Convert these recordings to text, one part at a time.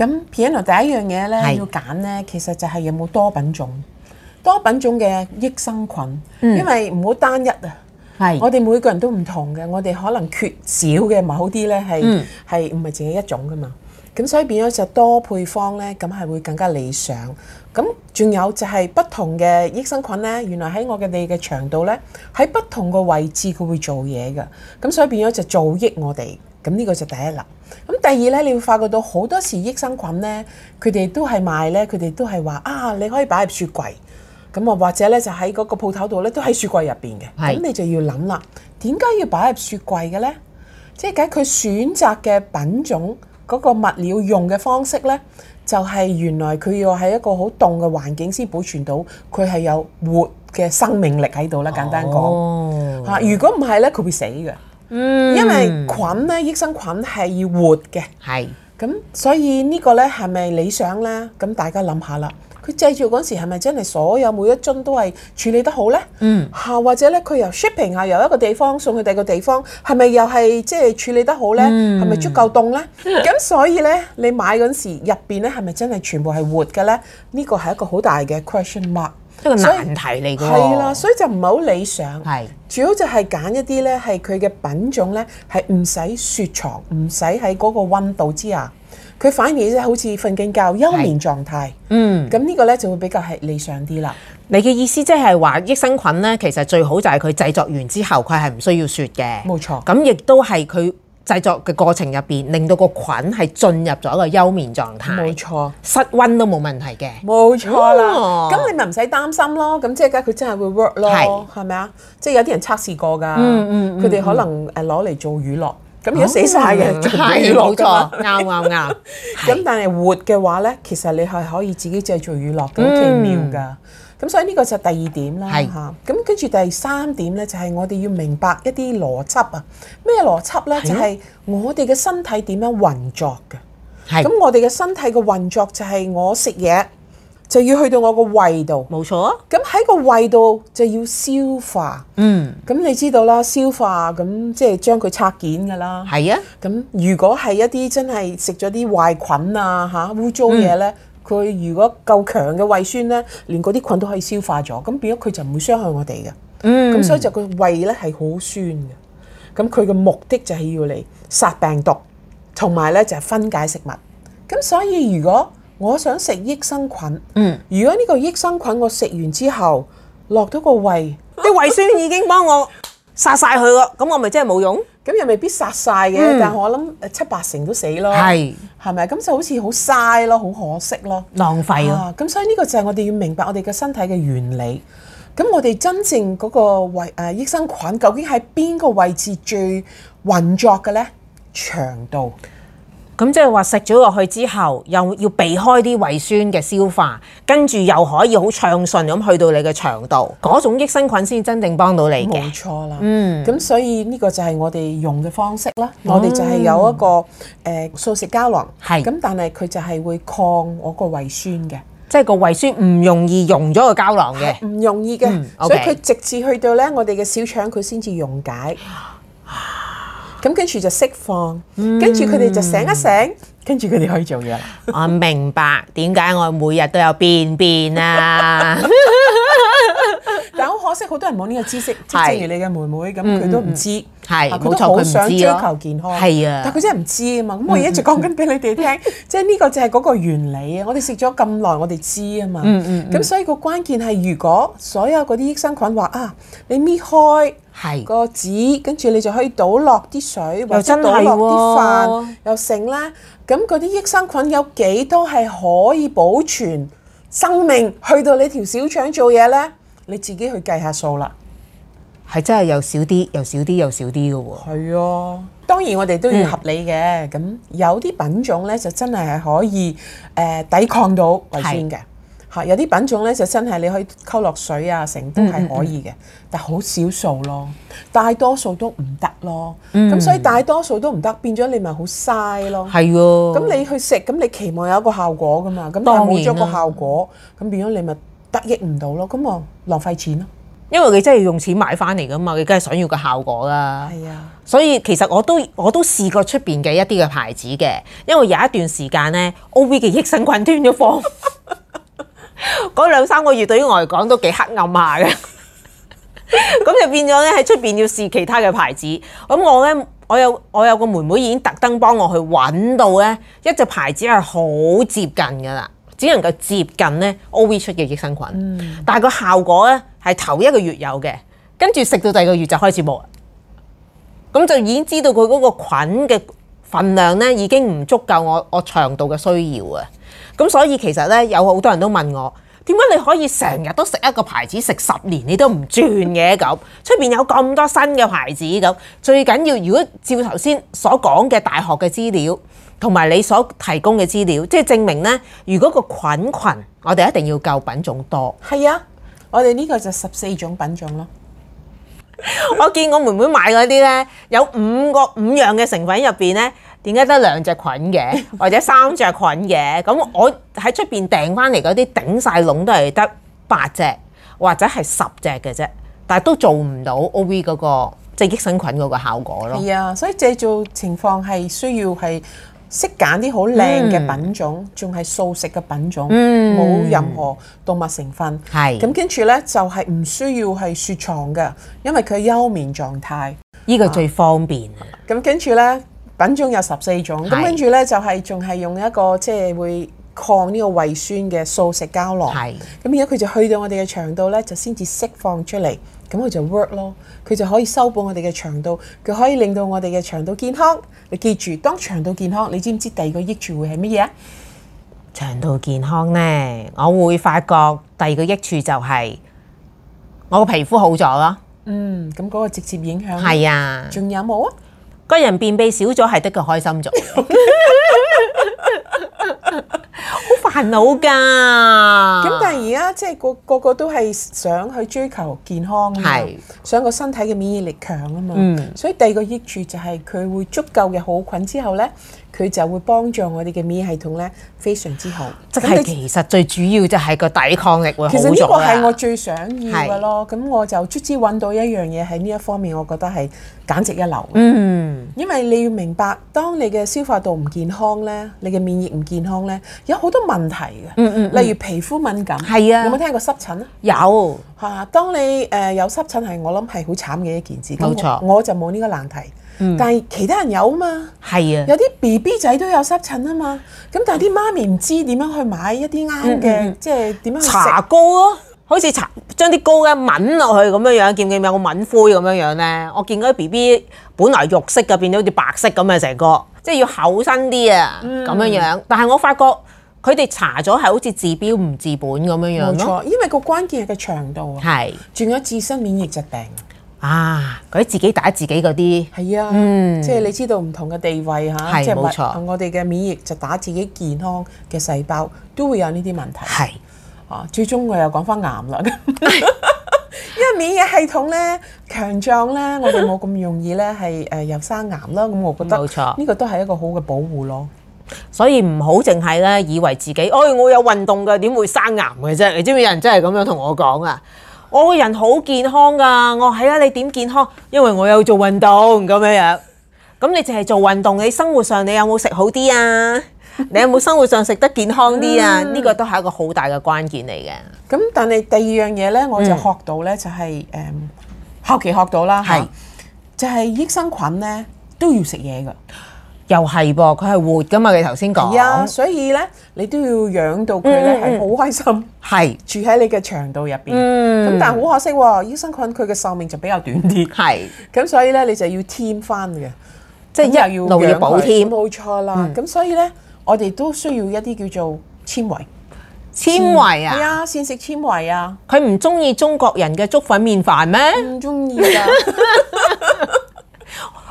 咁片呢？第一樣嘢咧要揀咧，其實就係有冇多品種，多品種嘅益生菌，因為唔好單一啊。係我哋每個人都唔同嘅，我哋可能缺少嘅某啲咧係係唔係淨係一種噶嘛。咁所以變咗就多配方咧，咁係會更加理想。咁仲有就係不同嘅益生菌咧，原來喺我哋嘅腸度咧，喺不同個位置佢會做嘢噶。咁所以變咗就造益我哋。咁呢個就第一粒。咁第二呢，你會發覺到好多時益生菌呢，佢哋都係賣呢，佢哋都係話啊，你可以擺入雪櫃。咁啊，或者呢，就喺嗰個鋪頭度呢，都喺雪櫃入邊嘅。咁你就要諗啦，點解要擺入雪櫃嘅呢？即係講佢選擇嘅品種嗰個物料用嘅方式呢，就係原來佢要喺一個好凍嘅環境先保存到，佢係有活嘅生命力喺度啦。簡單講嚇、哦啊，如果唔係呢，佢會死嘅。嗯，因為菌咧，益生菌係要活嘅，係，咁所以呢個咧係咪理想咧？咁大家諗下啦，佢製造嗰陣時係咪真係所有每一樽都係處理得好咧？嗯、嚇、啊、或者咧佢由 shipping 啊，由一個地方送去第二個地方係咪又係即係處理得好咧？係、嗯、咪足夠凍咧？咁、嗯、所以咧你買嗰陣時入邊咧係咪真係全部係活嘅咧？呢、這個係一個好大嘅 question mark。一個難題嚟㗎，係啦，所以就唔係好理想。係，主要就係揀一啲咧，係佢嘅品種咧，係唔使雪藏，唔使喺嗰個溫度之下，佢反而咧好似瞓緊覺，休眠狀態。是的，嗯，咁呢個咧就會比較係理想啲啦。你嘅意思即係話益生菌咧，其實最好就係佢製作完之後，佢係唔需要雪嘅。冇錯，咁亦都係佢。製作嘅過程入邊，令到個菌係進入咗一個休眠狀態。冇錯，室溫都冇問題嘅。冇錯啦，咁、哦、你咪唔使擔心咯。咁即係而家佢真係會 work 咯，係咪啊？即係有啲人測試過㗎。嗯嗯，佢哋可能誒攞嚟做娛樂，咁、嗯、如果死晒嘅、嗯、做唔到娛樂㗎嘛。啱啱啱。咁 但係活嘅話咧，其實你係可以自己製造娛樂咁好奇妙㗎。.咁所以呢個就係第二點啦嚇，咁跟住第三點咧就係我哋要明白一啲邏輯，咩邏輯咧啊，咩邏輯咧？就係、係、我哋嘅身體點樣運作嘅？係咁，我哋嘅身體嘅運作就係我食嘢就要去到我個胃度，冇錯啊。咁喺個胃度就要消化，嗯，咁你知道啦，消化咁即係將佢拆件噶啦，係啊。咁如果係一啲真係食咗啲壞菌啊嚇污糟嘢咧。啊佢如果夠強嘅胃酸呢，連嗰啲菌都可以消化咗，咁變咗佢就唔會傷害我哋嘅。嗯，咁所以就個胃呢係好酸嘅。咁佢嘅目的就係要嚟殺病毒，同埋呢就係分解食物。咁所以如果我想食益生菌，嗯，如果呢個益生菌我食完之後落到個胃，啲、啊、胃酸已經幫我殺晒佢咯，咁我咪真係冇用？咁又未必殺晒嘅，嗯，但係我諗誒七八成都死咯，係係咪？咁就好似好嘥咯，好可惜咯，浪費咯。咁所以呢個就係我哋要明白我哋嘅身體嘅原理。咁我哋真正嗰個位誒益生菌究竟喺邊個位置最運作嘅咧？腸道。咁即係話食咗落去之後，又要避開啲胃酸嘅消化，跟住又可以好暢順咁去到你嘅腸度，嗰種益生菌先真正幫到你嘅。冇錯啦，嗯。咁所以呢個就係我哋用嘅方式啦。嗯、我哋就係有一個誒、呃、素食膠囊，係咁，但係佢就係會抗我個胃酸嘅，即係個胃酸唔容易溶咗個膠囊嘅，唔容易嘅、嗯 okay。所以佢直至去到呢，我哋嘅小腸佢先至溶解。咁跟住就釋放，跟住佢哋就醒一醒，嗯、跟住佢哋可以做嘢啦。我明白點解我每日都有便便啊。 識好多人冇呢個知識，即係正如你嘅妹妹咁，佢都唔知，佢都好想追求健康，係啊，但係佢真係唔知啊嘛。咁我而家就講緊俾你哋聽，即係呢個就係嗰個原理啊。我哋食咗咁耐，我哋知啊嘛。咁所以個關鍵係，如果所有嗰啲益生菌話啊，你搣開個紙，跟住你就可以倒落啲水，或者倒落啲飯，又剩咧。咁嗰啲益生菌有幾多係可以保存生命去到你條小腸做嘢咧？你自己去計下數啦，係真係又少啲，又少啲，又少啲嘅喎。係啊，當然我哋都要合理嘅。咁、嗯、有啲品種咧，就真係係可以誒、呃、抵抗到胃酸嘅。嚇，有啲品種咧，就真係你可以溝落水啊，成都係可以嘅、嗯嗯，但好少數咯。大多數都唔得咯。咁、嗯、所以大多數都唔得，變咗你咪好嘥咯。係喎、啊。咁你去食，咁你期望有一個效果噶嘛？咁但冇咗個效果，咁變咗你咪。得益唔到咯，咁我浪費錢咯，因為佢真係要用錢買翻嚟噶嘛？你梗係想要個效果啦。係啊，所以其實我都我都試過出邊嘅一啲嘅牌子嘅，因為有一段時間呢，o V 嘅益生菌斷咗貨，嗰 兩 三個月對於我嚟講都幾黑暗下嘅，咁 就變咗咧喺出邊要試其他嘅牌子。咁我呢，我有我有個妹妹已經特登幫我去揾到呢，一隻牌子係好接近噶啦。只能夠接近咧 OV 出嘅益生菌，但係個效果咧係頭一個月有嘅，跟住食到第二個月就開始冇，咁就已經知道佢嗰個菌嘅份量咧已經唔足夠我我腸道嘅需要啊，咁所以其實咧有好多人都問我。點解你可以成日都食一個牌子食十年你都唔轉嘅咁？出面有咁多新嘅牌子咁？最緊要如果照頭先所講嘅大學嘅資料，同埋你所提供嘅資料，即係證明呢，如果個菌群，我哋一定要夠品種多。係啊，我哋呢個就十四種品種咯。 我見我妹妹買嗰啲呢，有五個五樣嘅成分入面呢。點解得兩隻菌嘅，或者三隻菌嘅？咁 我喺出邊訂翻嚟嗰啲頂晒籠都係得八隻或者係十隻嘅啫，但係都做唔到 O V 嗰、那個即係、就是、益生菌嗰個效果咯。係啊，所以製造情況係需要係識揀啲好靚嘅品種，仲、嗯、係素食嘅品種，冇、嗯、任何動物成分。係，咁跟住呢就係、是、唔需要係雪藏嘅，因為佢休眠狀態。呢、這個最方便。咁跟住呢。品種有十四種，咁跟住呢就係仲係用一個即係、就是、會抗呢個胃酸嘅素食膠囊。咁而家佢就去到我哋嘅腸道呢，就先至釋放出嚟，咁佢就 work 咯。佢就可以修補我哋嘅腸道，佢可以令到我哋嘅腸道健康。你記住，當腸道健康，你知唔知第二個益處會係乜嘢啊？腸道健康呢，我會發覺第二個益處就係我個皮膚好咗咯。嗯，咁嗰個直接影響係啊，還有沒有，仲有冇啊？個人便秘少咗係得個開心咗，好煩惱噶。咁但係而家即係個,個個都係想去追求健康，係想個身體嘅免疫力強啊嘛。嗯、所以第二個益處就係、是、佢會足夠嘅好菌之後咧。佢就會幫助我哋嘅免疫系統咧，非常之好。即係其實最主要就係個抵抗力會好咗。其實呢個係我最想要嘅咯。咁我就卒之揾到一樣嘢喺呢一方面，我覺得係簡直一流。嗯，因為你要明白，當你嘅消化道唔健康咧，你嘅免疫唔健康咧，有好多問題嘅。嗯嗯，嗯。例如皮膚敏感。係啊。有冇聽過濕疹啊？有嚇，當你誒有濕疹係，我諗係好慘嘅一件事。冇錯。我就冇呢個難題。嗯、但係其他人有啊嘛，係啊，有啲 B B 仔都有濕疹啊嘛，咁但係啲媽咪唔知點樣去買一啲啱嘅，即係點樣搽膏咯、啊，好似搽將啲膏咧揾落去咁樣樣，見唔見有個揾灰咁樣樣咧？我見嗰啲 B B 本嚟肉色嘅變到好似白色咁嘅成個，即係要厚身啲啊，咁、嗯、樣樣。但係我發覺佢哋搽咗係好似治標唔治本咁樣樣。冇錯，因為個關鍵係個腸道啊，係仲有自身免疫疾病。啊！佢自己打自己嗰啲，係啊，嗯、即係你知道唔同嘅地位嚇，即係我我哋嘅免疫就打自己健康嘅細胞，都會有呢啲問題。係啊，最終我又講翻癌啦， 因為免疫系統咧強壯咧，我哋冇咁容易咧係誒又生癌啦。咁我覺得呢個都係一個好嘅保護咯。所以唔好淨係咧以為自己，哎我有運動嘅點會生癌嘅啫？你知唔知有人真係咁樣同我講啊？我個人好健康噶，我係啊，你點健康？因為我有做運動咁樣樣，咁你淨係做運動，你生活上你有冇食 你有冇食好啲啊？你有冇生活上食得健康啲啊？呢個都係一個好大嘅關鍵嚟嘅。咁但係第二樣嘢呢，我就學到呢、嗯，就係、係、誒後期學到啦，就係、係、益生菌呢，都要食嘢噶。又係噃，佢係活噶嘛？你頭先講，係啊，所以咧，你都要養到佢咧，係好開心，係住喺你嘅腸道入邊。嗯，咁但係好可惜，益生菌佢嘅壽命就比較短啲。係，咁所以咧，你就要添翻嘅，即係又要努力補添，冇錯啦。咁所以咧，我哋都需要一啲叫做纖維，纖維啊，係啊，膳食纖維啊，佢唔中意中國人嘅粥粉麵飯咩？唔中意啊！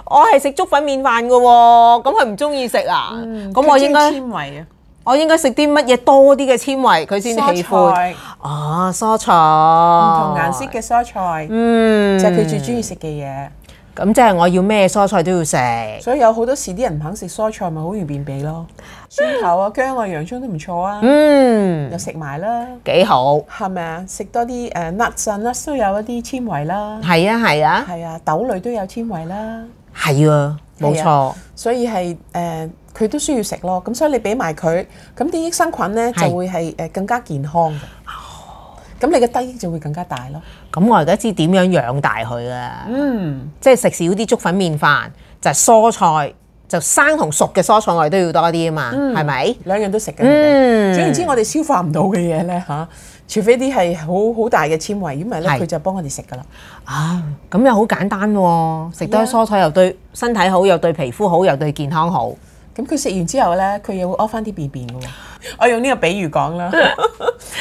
我係食粥粉麵飯嘅喎，咁佢唔中意食啊，咁、嗯、我應該？嗯，纖維啊！我應該食啲乜嘢多啲嘅纖維，佢先喜歡？哦、啊，蔬菜唔同顏色嘅蔬菜，嗯，就係、是、佢最中意食嘅嘢。咁即係我要咩蔬菜都要食。所以有好多時啲人唔肯食蔬菜，咪好容易便秘咯。 蒜頭啊、薑啊、 洋蔥都唔錯啊。嗯，又食埋啦，幾好。係咪啊？食多啲誒 nuts 啦，都有一啲纖維啦。係啊，係啊，係啊，豆類都有纖維啦。係啊，冇錯，所以係誒，佢、呃、都需要食咯，咁所以你俾埋佢，咁啲益生菌咧就會係誒更加健康嘅，咁、哦、你嘅得益就會更加大咯。咁我而家知點樣養大佢啊。嗯，即係食少啲粥粉麵飯，就係、是、蔬菜，就生同熟嘅蔬菜我哋都要多啲啊嘛，係、嗯、咪？兩樣都食嘅，嗯。總言之，我哋消化唔到嘅嘢咧吓。除非啲係好好大嘅纖維，如果唔係咧佢就幫我哋食噶啦。啊，咁又好簡單喎，啊！食多蔬菜又對身體好，又對皮膚好，又對健康好。咁佢食完之後咧，佢又會屙翻啲便便嘅喎。我用呢個比喻講啦，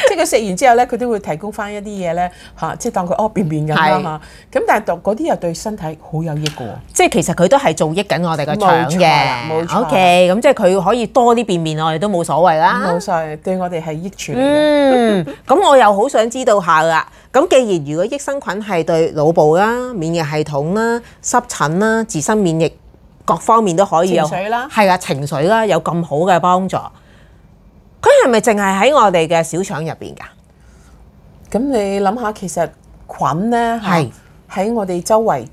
即係佢食完之後咧，佢都會提供翻一啲嘢咧，嚇，即係當佢屙便便咁啊嘛。咁但係讀嗰啲又對身體好有益嘅喎。即係其實佢都係造益緊我哋嘅腸嘅。冇錯。O K，咁即係佢可以多啲便便，我哋都冇所謂啦。冇錯，對我哋係益處嚟嘅。嗯，咁我又好想知道下啦。咁既然如果益生菌係對腦部啦、免疫系統啦、濕疹啦、自身免疫。各方面都可以，係啊，情緒啦，有咁好嘅幫助。佢係咪淨係喺我哋嘅小腸入邊噶？咁你諗下，其實菌咧，係喺我哋周圍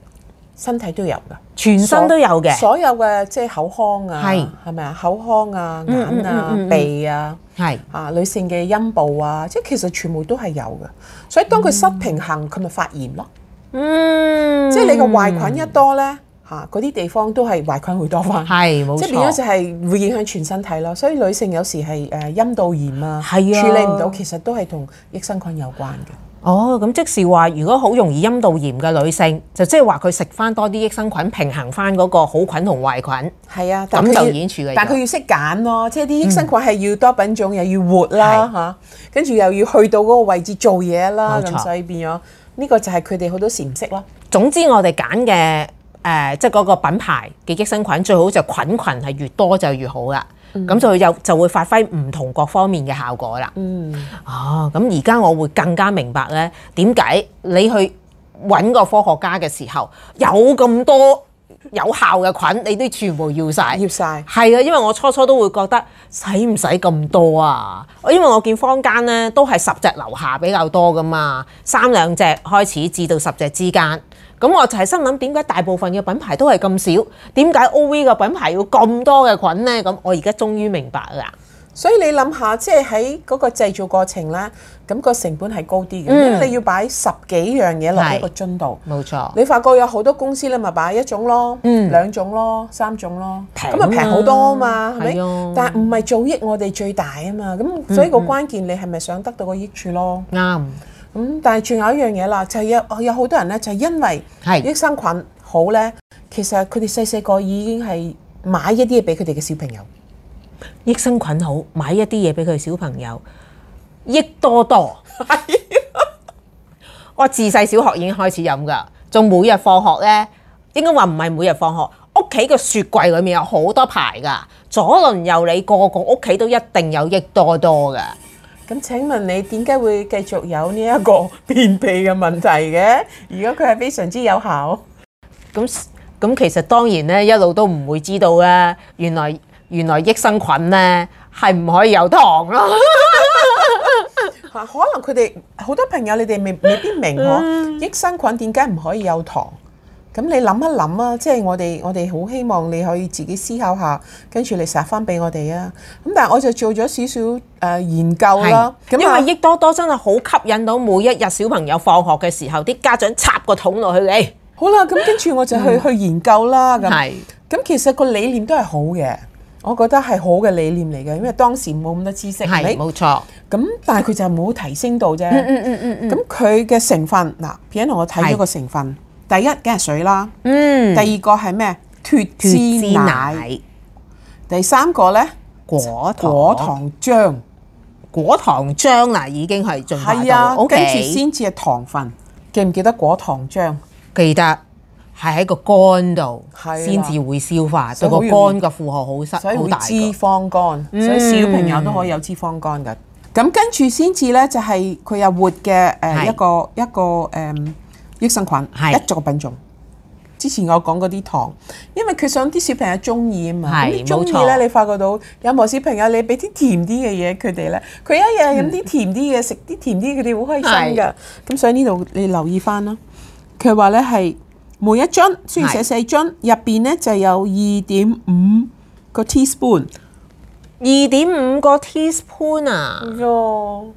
身體都有噶，全身都有嘅，所有嘅即係口腔啊，係咪啊，口腔啊，眼啊，鼻啊，係啊，女性嘅陰部啊，即係其實全部都係有嘅。所以當佢失平衡，佢咪發炎咯。嗯，即係你個壞菌一多咧。嚇，嗰啲地方都係壞菌會多翻，係冇錯，即係變咗就係會影響全身體咯。所以女性有時係誒陰道炎啊，處理唔到，其實都係同益生菌有關嘅。哦，咁即是話，如果好容易陰道炎嘅女性，就即係話佢食翻多啲益生菌，平衡翻嗰個好菌同壞菌。係啊，咁就已經處理，但係佢要，但係佢要識揀咯，即係啲益生菌係要多品種，又要活啦嚇，跟住又要去到嗰個位置做嘢啦，咁所以變咗呢個就係佢哋好多時唔識咯。總之我哋揀嘅。誒、呃，即係嗰個品牌嘅益生菌，最好就係菌群係越多就越好啦。咁、嗯、就有就會發揮唔同各方面嘅效果啦。哦、嗯，咁而家我會更加明白咧，點解你去搵個科學家嘅時候，有咁多有效嘅菌，你都全部要晒。要晒係啊，因為我初初都會覺得，使唔使咁多啊？因為我見坊間咧，都係十隻樓下比較多㗎嘛，三兩隻開始至到十隻之間。咁我就係心諗，點解大部分嘅品牌都係咁少？點解 O V 嘅品牌要咁多嘅菌呢？咁我而家終於明白啦。所以你諗下，即係喺嗰個製造過程咧，咁個成本係高啲嘅，因為你要擺十幾樣嘢落喺個樽度。冇錯，你發覺有好多公司咧，咪擺一種咯、嗯，兩種咯，三種咯，咁啊平好多啊嘛，係咪？但係唔係造益我哋最大啊嘛？咁所以個關鍵你係咪想得到個益處咯？啱、嗯。嗯。咁但係仲有一樣嘢啦，就係有有好多人咧，就係因為益生菌好咧，其實佢哋細細個已經係買一啲嘢俾佢哋嘅小朋友。益生菌好，買一啲嘢俾佢哋小朋友，益多多。 我自細小，小學已經開始飲噶，仲每日放學咧，應該話唔係每日放學，屋企嘅雪櫃裡面有好多排噶，左鄰右里個個屋企都一定有益多多嘅。咁請問你點解會繼續有呢一個便秘嘅問題嘅？如果佢係非常之有效。咁咁其實當然咧，一路都唔會知道啊！原來原來益生菌咧係唔可以有糖咯， 。 可能佢哋好多朋友，你哋未未必明嗬， 益生菌點解唔可以有糖？咁你諗一諗啊，即、就、係、是、我哋我哋好希望你可以自己思考一下，跟住你答翻俾我哋啊。咁但係我就做咗少少誒、呃、研究啦，因為益多多真係好吸引到每一日小朋友放學嘅時候，啲家長插個桶落去。你好啦，咁跟住我就去、嗯、去研究啦。係，咁其實個理念都係好嘅，我覺得係好嘅理念嚟嘅，因為當時冇咁多知識，係冇錯。咁但係佢就冇提升到啫。嗯。咁佢嘅成分嗱，片、嗯、頭我睇咗個成分。第一梗係水啦，嗯，第二個係咩？脫脂奶。第三個咧，果糖果糖漿。果糖漿嗱已經係進化到是啊，跟住先至係糖分。記唔記得果糖漿？記得係喺個肝度先至會消化，對個、啊、肝嘅負荷好失好大。脂肪肝、嗯，所以小朋友都可以有脂肪肝㗎。咁跟住先至咧，就係佢又活嘅誒一個一個誒。Um, 益生菌係一組品種。之前我講嗰啲糖，因為佢想啲小朋友中意啊嘛。中意咧，你發覺到有冇小朋友你俾啲甜啲嘅嘢佢哋咧？佢一日飲啲甜啲嘅，食、嗯、啲甜啲佢哋好開心噶。咁所以呢度你留意翻啦。佢話咧係每一樽，雖然寫四樽，入邊咧就有二點五個 teaspoon，二點五個 teaspoon 啊。哦。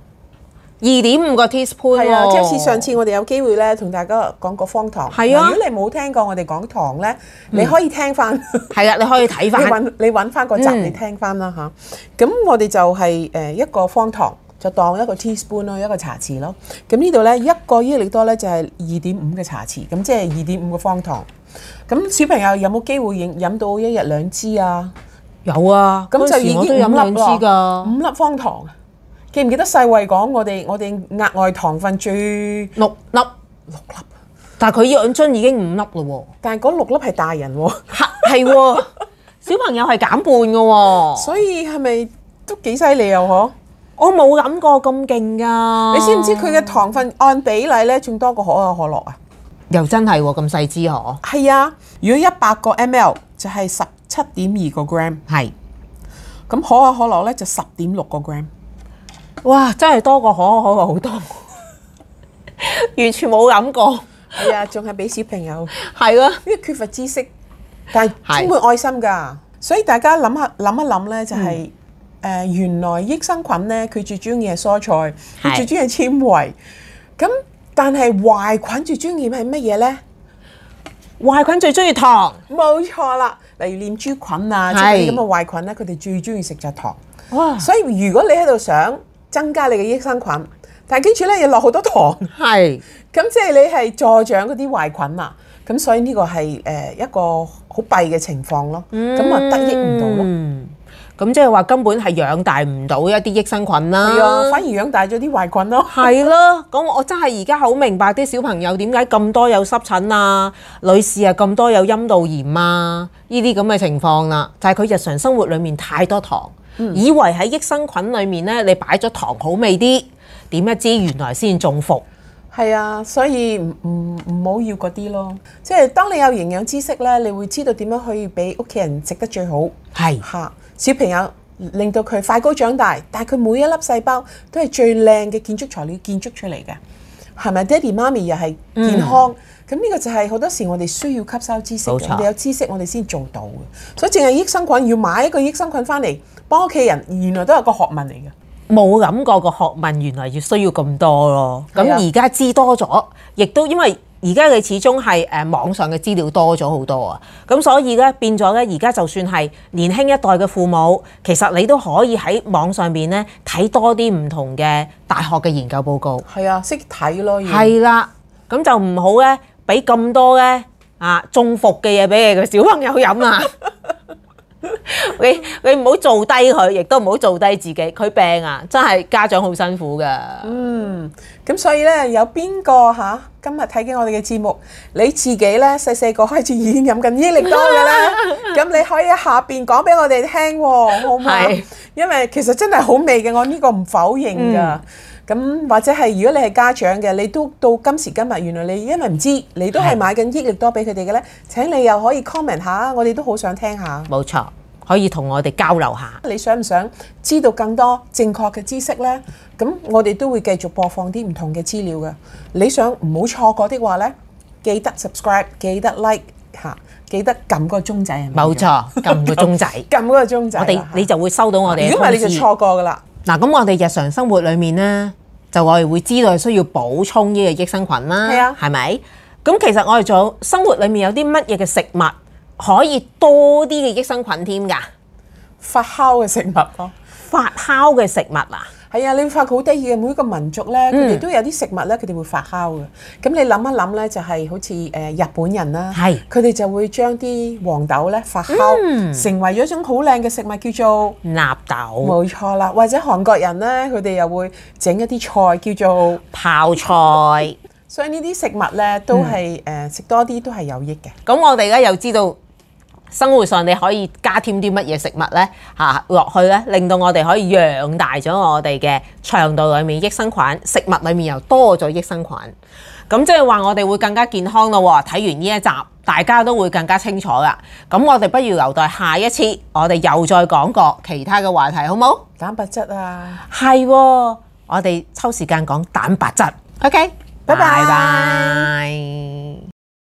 二點五個 teaspoon。係啊，即係好似上次我哋有機會咧，同大家講個方糖。係啊、嗯，如果你冇聽過我哋講糖咧，你可以聽翻。係啊，你可以睇翻。 你揾你揾翻個集，嗯、你聽翻啦嚇。咁我哋就係誒一個方糖，就當一個 teaspoon 咯，一個茶匙咯。咁呢度咧一個益力多咧就係二點五嘅茶匙，咁即係二點五個方糖。咁小朋友有冇機會飲飲到一日兩支啊？有啊，咁就已經飲粒支㗎，五粒方糖。記唔記得世衞講我哋我哋額外糖分最六粒六粒，但係佢依兩樽已經五粒嘞喎。但係嗰六粒係大人喎，係喎小朋友係減半嘅喎。所以係咪都幾犀利啊？可我冇諗過咁勁㗎。你知唔知佢嘅糖分按比例咧，仲多過可口可樂啊？又真係喎，咁細支可係啊？如果一百個 mL 就係十七點二個 gram，係咁可口可樂咧就十點六個 gram。哇！真係多過可可好多， 完全冇諗過。係啊，仲係俾小朋友，係咯，因為缺乏知識，但係充滿愛心噶。所以大家諗下諗一諗咧，想想就係、是、誒、嗯呃，原來益生菌咧，佢最中意係蔬菜，佢最中意係纖維。咁但係壞菌最中意係乜嘢咧？壞菌最中意糖，冇錯啦。例如念珠菌啊，呢啲咁嘅壞菌咧，佢哋最中意食就糖。哇！所以如果你喺度想，增加你嘅益生菌，但係跟住咧又落好多糖，係咁即係你係助長嗰啲壞菌嘛、啊，咁所以呢個係誒一個好弊嘅情況咯，咁、嗯、啊得益唔到咯，咁、嗯、即係話根本係養大唔到一啲益生菌啦，啊、反而養大咗啲壞菌咯，係 咯、啊，咁我真係而家好明白啲小朋友點解咁多有濕疹啊，女士啊咁多有陰道炎啊，呢啲咁嘅情況啦，就係、是、佢日常生活裡面太多糖。以為喺益生菌裏面呢，你擺咗糖好味啲，點知原來先中伏。係啊，所以唔唔好要嗰啲咯。即係當你有營養知識呢，你會知道點樣可以俾屋企人食得最好。係吓小朋友，令到佢快高長大，但係佢每一粒細胞都係最靚嘅建築材料建築出嚟嘅。係咪？爹哋媽咪又係健康，咁、嗯、呢個就係好多時我哋需要吸收知識。你們有知識我哋先做到嘅。所以淨係益生菌要買一個益生菌翻嚟。幫屋企人原來都係個學問嚟嘅，冇諗過個學問原來要需要咁多咯。咁而家知多咗，亦都因為而家你始終係誒網上嘅資料多咗好多啊。咁所以咧變咗咧，而家就算係年輕一代嘅父母，其實你都可以喺網上邊咧睇多啲唔同嘅大學嘅研究報告。係啊，識睇咯。係啦，咁、啊、就唔好咧，俾咁多咧啊中伏嘅嘢俾你嘅小朋友飲啊！ 你你唔好做低佢，亦都唔好做低自己。佢病啊，真係家長好辛苦噶。嗯，咁所以咧，有邊個嚇今日睇緊我哋嘅節目，你自己咧細細個開始已經飲緊益力多㗎啦。咁 你可以喺下邊講俾我哋聽喎、啊，好唔好？因為其實真係好味嘅，我呢個唔否認噶。嗯咁或者係如果你係家長嘅，你都到今時今日，原來你因為唔知，你都係買緊益力多俾佢哋嘅呢。請你又可以 comment 下，我哋都好想聽下。冇錯，可以同我哋交流下。你想唔想知道更多正確嘅知識呢？咁我哋都會繼續播放啲唔同嘅資料嘅。你想唔好錯過的話呢，記得 subscribe，記得 like，嚇，記得撳個鐘仔。冇錯，撳個鐘仔，撳個鐘仔，我哋你就會收到我哋。如果唔係，你就錯過噶啦。嗱，咁我哋日常生活裏面呢，就我哋會知道需要補充呢個益生菌啦，係咪？咁其實我哋仲生活裏面有啲乜嘢嘅食物可以多啲嘅益生菌添㗎？發酵嘅食物咯。哦，發酵嘅食物啊。係啊，你發覺好得意嘅，每一個民族咧，佢哋都有啲食物咧，佢哋會發酵嘅。咁你諗一諗咧，就係好似誒日本人啦，佢哋就會將啲黃豆咧發酵，成為咗一種好靚嘅食物，叫做納豆。冇錯啦，或者韓國人咧，佢哋又會整一啲菜叫做泡菜。所以呢啲食物咧，都係誒食多啲都係有益嘅。咁我哋而家又知道。生活上你可以加添啲乜嘢食物呢？嚇落去呢，令到我哋可以養大咗我哋嘅腸道裏面益生菌，食物裏面又多咗益生菌，咁即係話我哋會更加健康咯喎！睇完呢一集，大家都會更加清楚啦。咁我哋不如留待下一次，我哋又再講過其他嘅話題，好冇？蛋白質啊，係，我哋抽時間講蛋白質。OK，拜拜。Bye bye